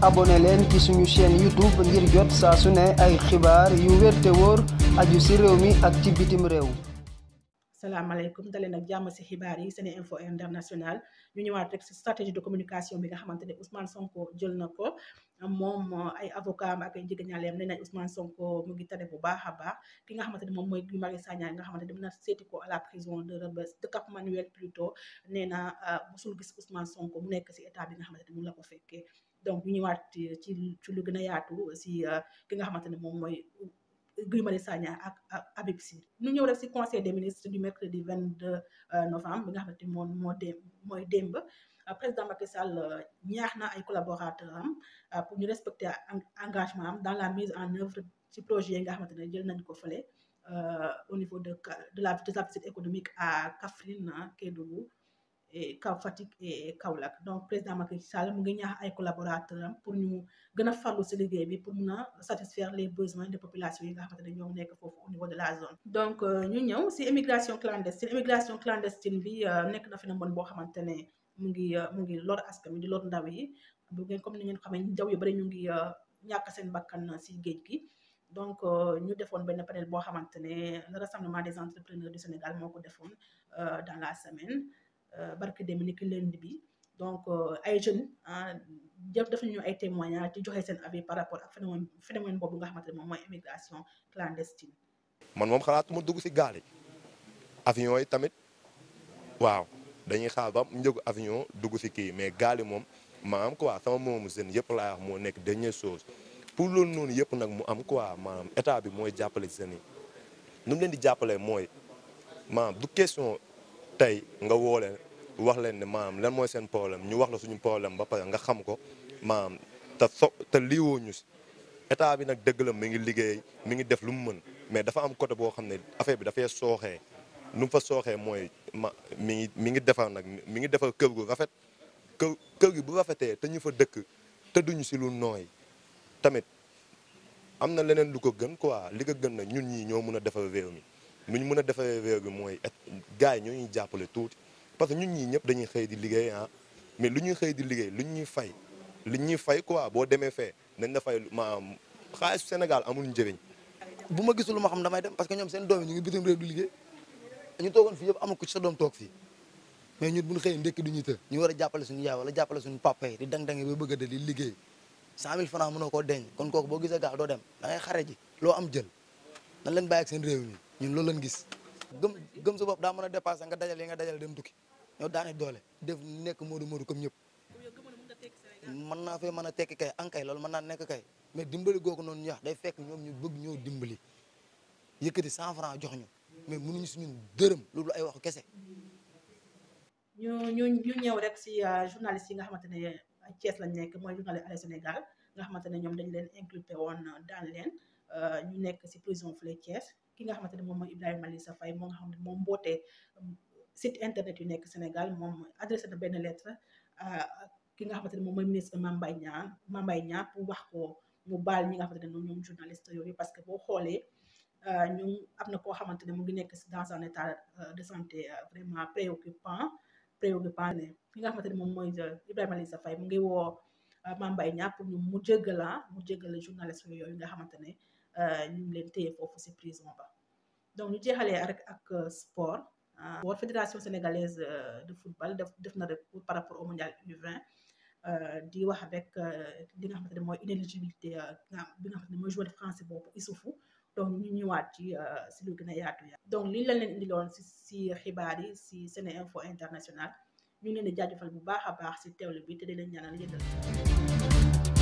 abonné leen ci suñu chaîne YouTube ngir jot saa su ay xibaar yu wér woor wóor aju si réew mi ak ci bitim réew. salaamaaleykum daleen ak jàmm si xibaar yi Sene Info International ñu ñëwaat rek si stratégie de communication bi nga xamante ne Ousmane Sonko jël na ko. moom ay avocat am ak ay njëgëñaaleem nee nañ Ousmane Sonko mu ngi tane bu baax a baax ki nga xamante ne moom mooy Guy Marius Sagna nga xamante ne dem na seeti ko à la prison de Rebeuss de Cap Manuel plutôt nee na ah, musul gis Ousmane Sonko nekk si état bi nga xamante ne la ko fekkee donc ñu ñëwaat ci ci lu gën a yaatu si euh, ki nga xamante ne moom mooy Guy Marius Sagna ak Habib Sy ñu ñëw rek si conseil des ministres du mercredi 22 euh, novembre bi nga xamante ne moom moo dé mooy démb euh, président Macky Sall ñaax na ay collaborateurs am pour ñu respecter engagement am dans la mise en œuvre ci projet yi nga xamante ne jël nañ ko fële au niveau de de la de la visite économique à Kaffrine Kédougou kaw Fatick et Kaolack donc président Macky Sall mu ngi ñaax ay collaborateurs am pour ñu gën a farlu si liggéey bi pour mun a satisfaire les besoins de population yi nga xamante ne ñoo nekk foofu au niveau de la zone. donc euh, ñu ñëw si immigration clandestine immigration clandestine bi euh, nekk na phénomène boo xamante ne mu ngi euh, mu ngi lor askan mi di lor ndaw yi bu ngeen comme ni ngeen xamee ndaw yu bëri ñu ngi ñàkk seen bakkan si géej gi. donc ñu defoon benn panel boo xamante ne le rassemblement des entrepreneurs du Sénégal moo ko defoon dans la semaine. Euh, barke dem ni ki bi donc euh, ay jeunes ah jëf def nañu ay par rapport ak phénomène phénomène boobu nga xamante ne mooy immigration clandestine. man moom xalaatuma dugg si gaali yi avion yi tamit waaw dañuy xaar ba njëgu avion dugg si kii mais gaal yi moom maanaam quoi sama moom jeune yëpp laa wax moo nekk dernière chose pour loolu noonu yëpp nag mu am quoi maanaam état bi mooy jàppale jeunes yi nu mu leen di jàppale mooy maanaam du question. tey nga woole wax leen ne maanaam lan mooy seen problème ñu wax la suñu problème ba pare nga xam ko maanaam te so te ñu si état bi nag dëgg la mi ngi liggéey mi ngi def lu mu mën mais dafa am côté boo xam ne affaire bi dafay sooxee nu mu fa sooxee mooy ma mi ngi mi ngi defar nag mi ngi defar kër gu rafet kër gi bu rafetee te ñu fa dëkk te duñu si lu nooy tamit am na leneen lu ko gën quoi li ko gën nag ñun ñi ñoo mën a defar réew mi nu ñu mën a defee réew gi mooy gars yi ñoo ñuy jàppale tuuti parce que ñun ñii ñëpp dañuy xëy di liggéey ah mais lu ñuy xëy di liggéey lu ñuy fay lu ñuy fay quoi boo demee fee nañ la fay maanaam xaalis Sénégal amul njëriñ. bu ma gisul lu ma xam damay dem parce que ñoom seen doom yi ñu ngi bitim réew du liggéey ñu toogoon fii yëpp amul ku ci mais ñun bu ñu xëyee ndekki du ñuy të ñu war a jàppale suñu yaay wala jàppale suñu papa yi di dang-dange ba bëgg a di liggéey cent mille koo denc kon kooku boo gisee gaal doo dem da ngay xare ji loo am jël nan leen bàyyi ak seen réew mi ñun loolu lañ gis gëm gëm sa bopp daa mën a dépassé nga dajal yi nga dajal dem tukki ñoo daane doole def nekk moodu moodu comme ñëpp mën naa fee mën a tekki kay ankay lool mën naa nekk kay mais dimbali googu noonu ñu day fekk ñoom ñu bëgg ñoo dimbali yëkkati cent franc jox ñu mais mun mënuñu suñu dërëm loolu ay waxu kese ñu ñu ñu ñëw rek si euh, journaliste yi nga xamante ne Thiès lañ nekk mooy a Allez Sénégal nga xamante ne ñoom dañ leen inculpé woon daan leen Euh, ñu nekk si prison fële Thiès ki nga xamante ne moom mooy Ibrahima Lissa Faye moo nga xam ne moom mbootee euh, site internet yu nekk Sénégal moom adressé na benn lettre euh, ki nga xamante ne moom mooy ministre Mame Mbaye Niang Mame wax mu baal ñi nga xamante ne ñoom journaliste yooyu parce que boo xoolee ñu am na koo xamante ne mu ngi nekk dans un état de santé vraiment préoccupant préoccupant ne ki nga xamante ne moom mooy Ibrahima Lissa Faye mu ngi woo Mame Mbaye Niang pour ñu mu jéggala mu jéggala journaliste yooyu nga xamante ne Euh, ñu ngi leen téye foofu si prison ba donc ñu jeexalee rek ak euh, sport sport ah. fédération sénégalaise euh, de football def def na rek par rapport au mondial U20 di wax rek li nga xamante ne mooy inéligibilité bi nga xamante ne mooy joueur français boobu Issoufou donc ñu ñëwaat ci si lu gën yaatu ya donc lii lañ leen indiloon si si xibaar yi si Sénéinfo International ñu ngi leen di jaajëfal bu baax a baax si teewlu bi te di leen ñaanal yëndal